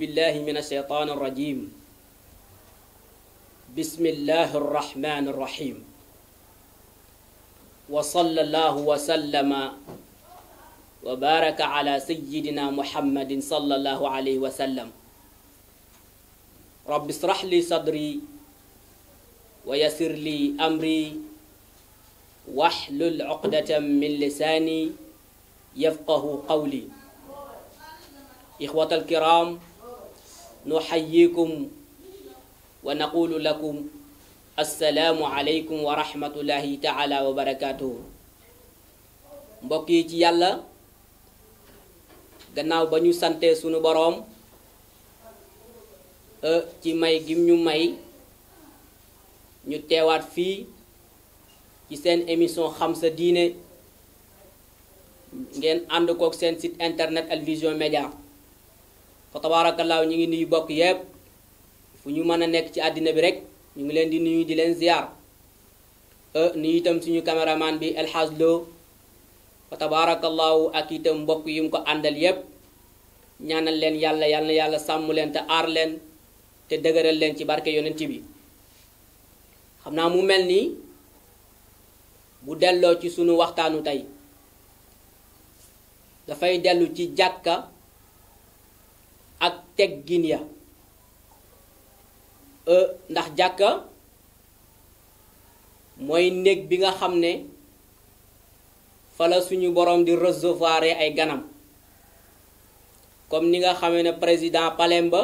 بالله من الشيطان الرجيم بسم الله الرحمن الرحيم وصلى الله وسلم وبارك على سيدنا محمد صلى الله عليه وسلم رب اشرح لي صدري ويسر لي أمري واحلل عقدة من لساني يفقه قولي إخوة الكرام نحييكم ونقول لكم السلام عليكم ورحمة الله تعالى وبركاته مبكي تي يالا غناو با ني سانتي سونو بروم ا أه، تي ماي غيم ني ماي تيوات في تي سين اميسيون خمسه دينه ngen and kok sen site internet al vision fa tabaarakallaahu ñu ngi nuyu bokk yépp fu ñu mën a nekk ci àddina bi rek ñu ngi leen di nuyu di leen ziar euh, nuyu itam suñu caméraman bi El Hadj Lo ak itam mbokk yi mu ko àndal yépp ñaanal leen yàlla yàlla yàlla sàmm leen te aar leen te dëgëral leen ci barke yonent bi xam naa mu mel nii bu delloo ci suñu waxtaanu tey dafay dellu ci jàkka giin ya e, ndax jàkka mooy néeg bi nga xam ne fa suñu borom di recevoir ay ganam comme ni nga xamee ne président palem ba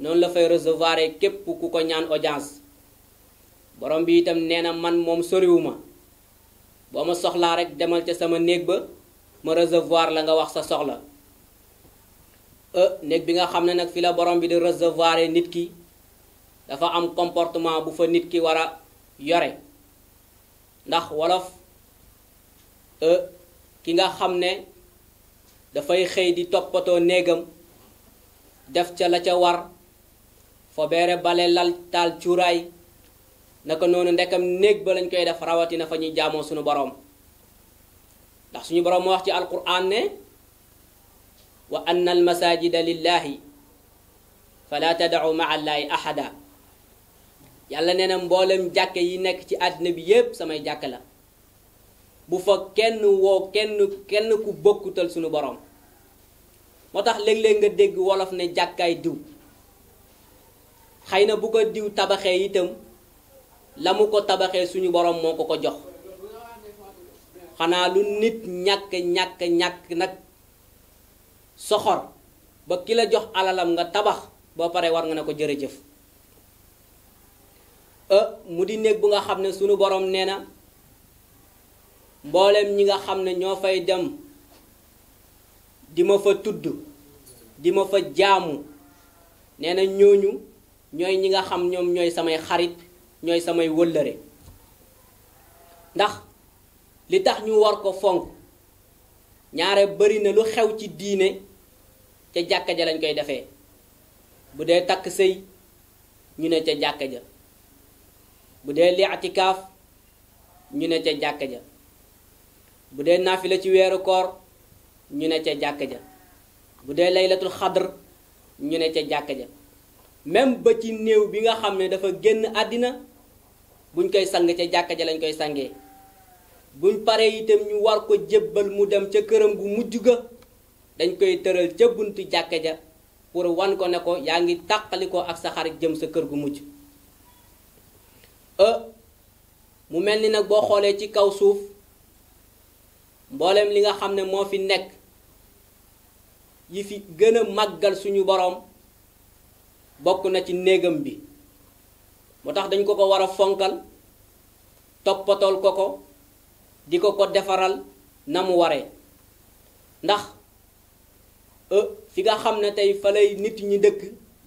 noonu la fay recevoir képp ku ko ñaan audience borom bi itam nee na man moom soriwuma boo ma soxlaa rek demal ca sama néeg ba ma recevoir la nga wax sa soxla Euh, néeg bi nga xam ne nag fi la borom bi di recevoir nit ki dafa am comportement bu fa nit ki war a yore ndax wolof euh, ki nga xam ne dafay xëy di toppatoo néegam def ca la ca war fobeere bale lal taal cuuraay naka noonu ndekam néeg ba lañ koy def rawatina fa ñuy jaamoo suñu borom ndax suñu borom moo wax ci alquran ne وأن المساجد لله فلا تدعوا مع الله أحدا yàlla nee na mboolem jàkk yi nekk ci àddina bi yépp samay jàkk la bu fa kenn woo kenn kenn ku bokkutal sunu borom moo tax léeg-léeg nga dégg wolof ne jàkkaay diw xëy na bu ko diw tabaxee itam la ko tabaxee suñu borom moo ko jox xanaa lu nit ñàkk ñàkk ñàkk nag soxor ba ki la jox alalam nga tabax boo paree war nga ne ko jërëjëf e, mu di néeg bu nga xam ne sunu borom nee na mboolem ñi nga xam ne ñoo fay dem di ma fa tudd di ma fa jaamu nee na ñuuñu ñooy ñi nga xam ñoom ñooy samay xarit ñooy samay wëllëre ndax li tax ñu war ko fonk ñaare bari na lu xew ci diine ca jàkka ja lañ koy defee bu dee takk sëy ñu ne ca jàkka ja bu dee li kaaf ñu ne ca jàkka ja bu dee naafi la ci weeru koor ñu ne ca jàkka ja bu dee laylatul xadr ñu ne ca jàkka ja même ba ci néew bi nga xam ne dafa génn àddina buñ koy sang ca jàkka ja lañ koy sangee buñ paree itam ñu war ko jëbbal mu dem ca këram gu mujj ga dañ koy teural ca buntu jàkke ja pour wan ko ne ko yaa ngi tàqalikoo ak sa xarit jëm sa kër gu mujj e mu mel ni nag boo xoolee ci kaw suuf mboolem li nga xam ne moo fi nekk yi fi gën a màggal suñu boroom bokk na ci néegam bi moo tax dañ ko ko war a fonkal toppatool ko ko di ko ko defaral na mu waree ndax E, fi nga xam ne tey fa lay nit ñi dëkk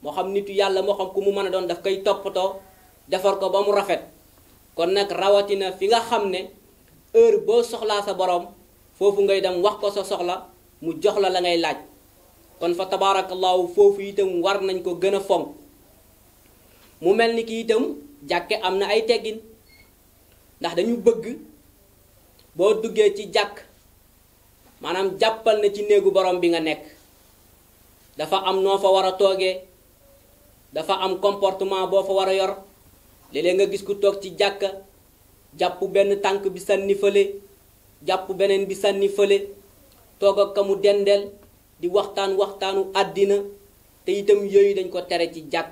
moo xam nitu yàlla moo xam ku mu mën a doon daf koy toppatoo defar ko ba mu rafet kon nag rawatina fi nga xam ne heure boo soxlaa sa borom foofu ngay dem wax ko sa soxla mu jox la la ngay laaj kon fa tabaarakallaahu foofu itam war nañ ko gën a fonk mu mel ni kii itam jàkke am na ay teggin ndax dañu bëgg boo duggee ci jàkk maanaam jàppal na ci néegu borom bi nga nekk dafa am noo fa war a toogee dafa am comportement boo fa war a yor léeg nga gis ku toog ci jàkka jàpp benn tànk bi sànni fële jàpp beneen bi sànni fële toog ak ka mu dendeel di waxtaan waxtaanu àddina te itam yooyu dañ ko tere ci jàkk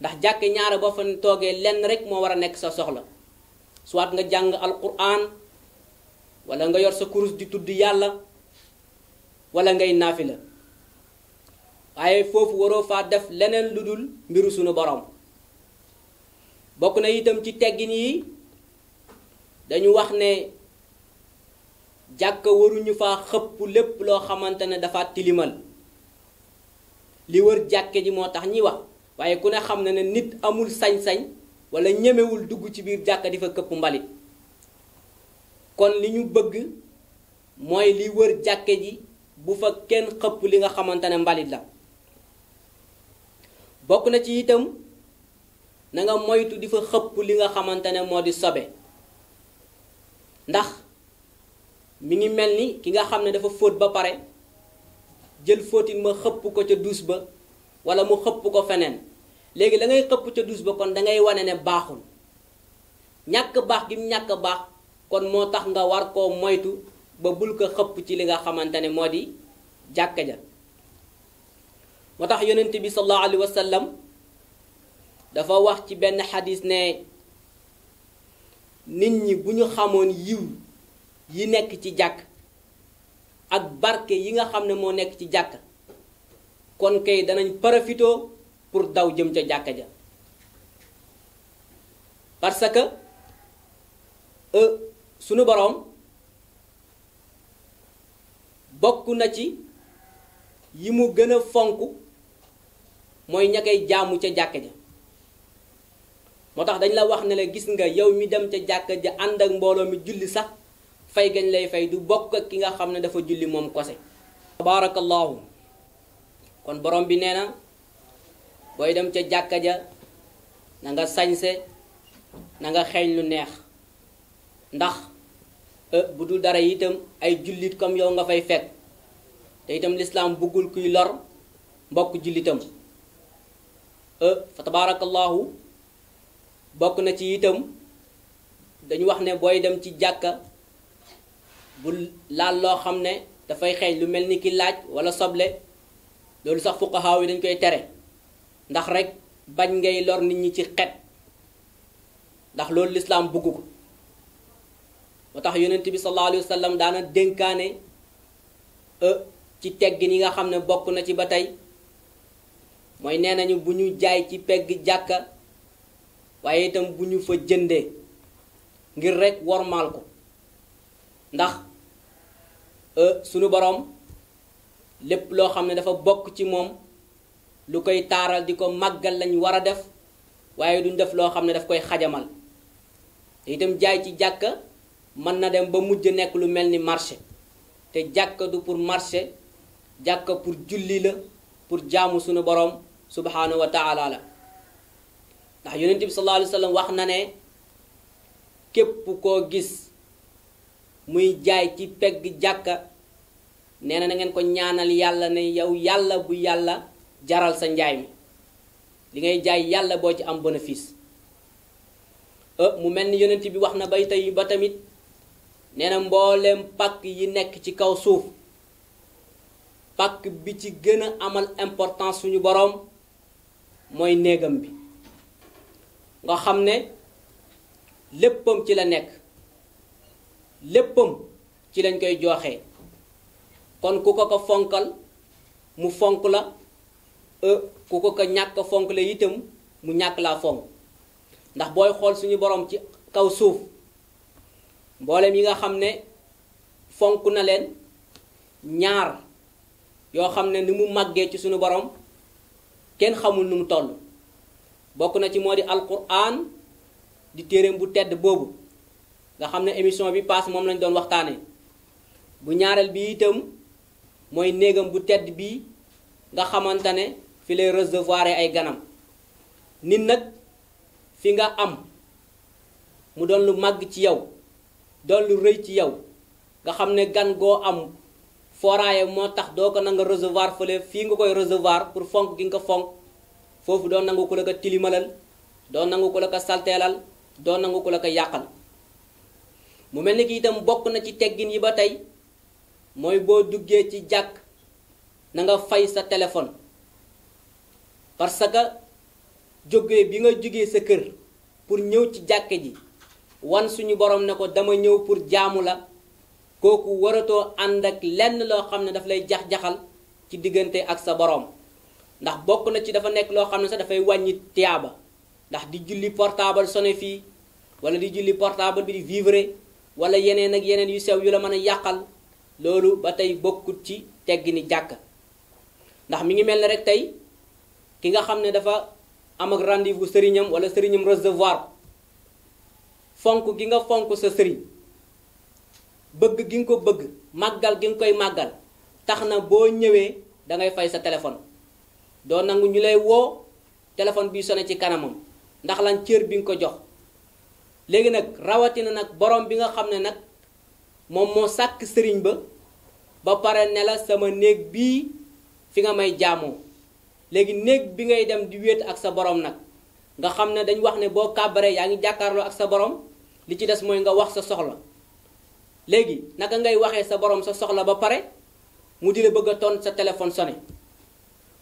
ndax jàkke ñaare boo fa toogee lenn rek moo war a nekk sa soxla soit nga jàng alquran wala nga yor sa kurus di tudd yàlla wala ngay naafi la waaye foofu waroo faa def leneen ludul mbiru sunu boroom bokk na itam ci teggin yi dañu wax ne jàkka waruñu faa xëpp lépp loo xamante ne dafa tilimal li wër jàkke ji moo tax ñuy wax waaye ku ne xam na ne nit amul sañ-sañ wala ñemewul dugg ci biir jàkka di fa këpp mbalit kon li ñu bëgg mooy li wër jàkke ji bu fa kenn xëpp li nga xamante ne mbalit la bokk na ci itam na moytu di fa xëpp li nga xamante ne moo di sobe ndax mi ngi mel ni ki nga xam ne dafa fóot ba pare jël fóotin ma xëpp ko ca duus ba wala mu xëpp ko feneen léegi la ngay xëpp ca duus ba kon da ngay wane ne baaxul ñàkk baax gi ñàkk baax kon moo tax nga war koo moytu ba bul ko xëpp ci li nga xamante ne moo di jàkka ja moo tax yonent bi sallallahu alayhi wa sallam dafa wax ci benn xadis ne nit ñi bu ñu xamoon yiw yi nekk ci jàkk ak barke yi nga xam ne moo nekk ci jàkk kon kay danañ profitoo pour daw jëm ca jàkk ja parce que euh, sunu boroom bokk na ci yi mu gën a fonk mooy ña koy jaamu ca jàkka ja moo tax dañ la wax ne la gis nga yow mi dem ca jàkka ja ànd ak mbooloo mi julli sax fay gañ lay fay du bokk ak ki nga xam ne dafa julli moom kose tabaarakallaahu kon borom bi nee na booy dem ca jàkka ja na nga sañse na nga xeeñ lu neex ndax e, bu dul dara itam ay jullit comme yow nga fay fekk te itam lislaam buggul kuy lor mbokk jullitam Euh, fa tabaarakallaahu bokk na ci itam dañu wax ne booy dem ci jàkka bu laal loo xam ne dafay xeeñ lu mel ni ki laaj wala soble loolu sax fuqahaa yi dañ koy tere ndax rek bañ ngay lor nit ñi ci xet ndax loolu lislaam bugg ko moo tax yonent bi sallallahu alayhi wa sallam daana dénkaane euh, ci teggin yi nga xam ne bokk na ci ba tey mooy nee nañu bu ñu jaay ci pegg jàkka waaye itam bu ñu fa jëndee ngir rekk wormaal ko ndax e, sunu boroom lépp loo xam ne dafa bokk ci moom lu koy taaral di ko màggal lañu war a def waaye duñ def loo xam ne daf koy xajamal te itam jaay ci jàkka mën na dem ba mujj nekk lu mel ni marché te jàkka du pour marché jàkka pour julli la pour jaamu sunu boroom subhanahu wa taala la ndax yonent bi sallallahu alayhi wasallam wax na ne kep ko gis muy jaay ci pegg jakka neena na ngeen ko ñaanal yalla ne yow yalla bu yalla jaral sa njaay mi li ngay jaay yalla bo ci am bénéfice e, mu melni ni yonent bi wax na bay tay ba tamit neena mbollem pak yi nek ci kaw suuf pak bi ci gëna amal importance suñu borom mooy néegam bi nga xam ne léppam ci la nekk léppam ci lañ koy joxe kon ku ko ko fonkal mu fonk la e, ku ko ko ñàkk fonk la itam mu ñàkk laa fonk ndax booy xool suñu borom ci kaw suuf mboolem yi nga xam ne fonk na leen ñaar yoo xam ne ni mu màggee ci suñu borom kenn xamul nu mu toll bokk na ci moo di alquran di téeréem bu tedd boobu nga xam ne émission bi paas moom lañ doon waxtaane bu ñaareel bi itam mooy néegam bu tedd bii nga xamante ne fi lay recevoir ay ganam nit nag fi nga am mu doon lu màgg ci yow doon lu rëy ci yow nga xam ne gan goo am foraaye moo tax doo ko nanga recevoir fële fii nga koy résevoir pour fonk gi nga ko fonk foofu doo nangu ko la ko tilimalal doo nangu ko la ko salteelal doo nangu ko la ko yàqal mu mel ni ki itam bokk na ci teggin yi ba tey mooy boo duggee ci jàkk na nga fay sa téléphone parce que jógee bi nga jógee sa kër pour ñëw ci jàkke ji wan suñu borom ne ko dama ñëw pour jaamu la kooku waratoo ànd ak lenn loo xam ne daf lay jax-jaxal ci diggante ak sa borom ndax bokk na ci dafa nekk loo xam ne sax dafay wàññi tiyaaba ndax di julli portable sonné fii wala di julli portable bi di vivre wala yeneen ak yeneen yu sew yu la mën a yàqal loolu ba tey bokkut ci teggi ni jàkk ndax mi ngi mel ne rek tey ki nga xam ne dafa am ak rendez-vous sëriñam wala sëriñam resevoir fonk gi nga fonk sa sëriñ bëgg gi nga ko bëgg màggal gi nga koy màggal tax na boo ñëwee da ngay fay sa téléphone doo nangu ñu lay woo téléphone bi sone ci kanamam ndax lan cër bi nga ko jox léegi nag rawatina nag borom bi nga xam ne nag moom moo sàkk sëriñ ba ba pare ne la sama néeg bii fi nga may jaamoo léegi néeg bi ngay dem di wéet ak sa borom nag nga xam ne dañ wax ne boo kàbbaree yaa ngi jàkkaarloo ak sa borom li ci des mooy nga wax sa soxla léegi naka ngay waxee sa borom sa soxla ba pare mu di la bëgg a ton sa téléphone sonné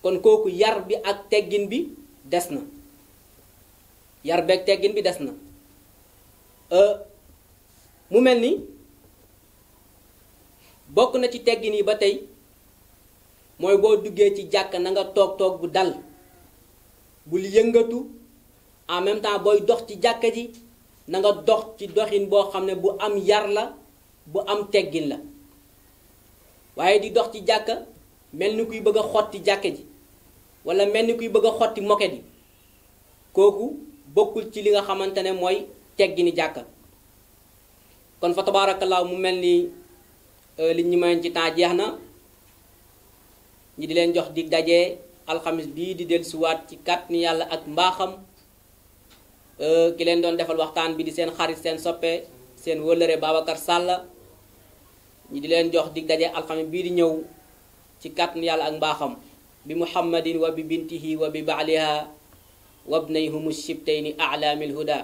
kon kooku yar bi ak teggin bi des na yar beeg bi des na euh, mu mel ni bokk na ci teggin yi ba tey mooy boo duggee ci jàkk na nga toog toog bu dal bul yëngatu en même temps booy dox ci jàkka ji nanga dox ci doxin boo xam ne bu am yar la bu am teggin la waaye di dox ci jàkka mel ni kuy bëgg xotti jàkka ji walla mel ni kuy bëgg a xotti moket yi kooku bokkul ci li nga xamante ne mooy teggini jàkka kon fa tabaarakallaahu mu mel ni euh, li ñu mayoon ci temps jeex na ñi di leen jox di daje alxamis bii di dellusiwaat ci kat ni yàlla ak mbaaxam euh, ki leen doon defal waxtaan bi di seen xarit seen soppe seen wëllëre Babacar sàll ñi di leen jox dig daje alxames bii di ñëw ci kàttan yàlla ak mbaaxam bi muhammadin wa bi bintihi wa bi baaliha وابنيهم الشبتين أعلام الهدى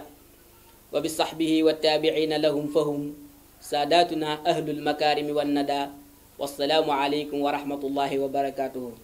وبصحبه والتابعين لهم فهم ساداتنا أهل المكارم والندى والسلام عليكم ورحمة الله وبركاته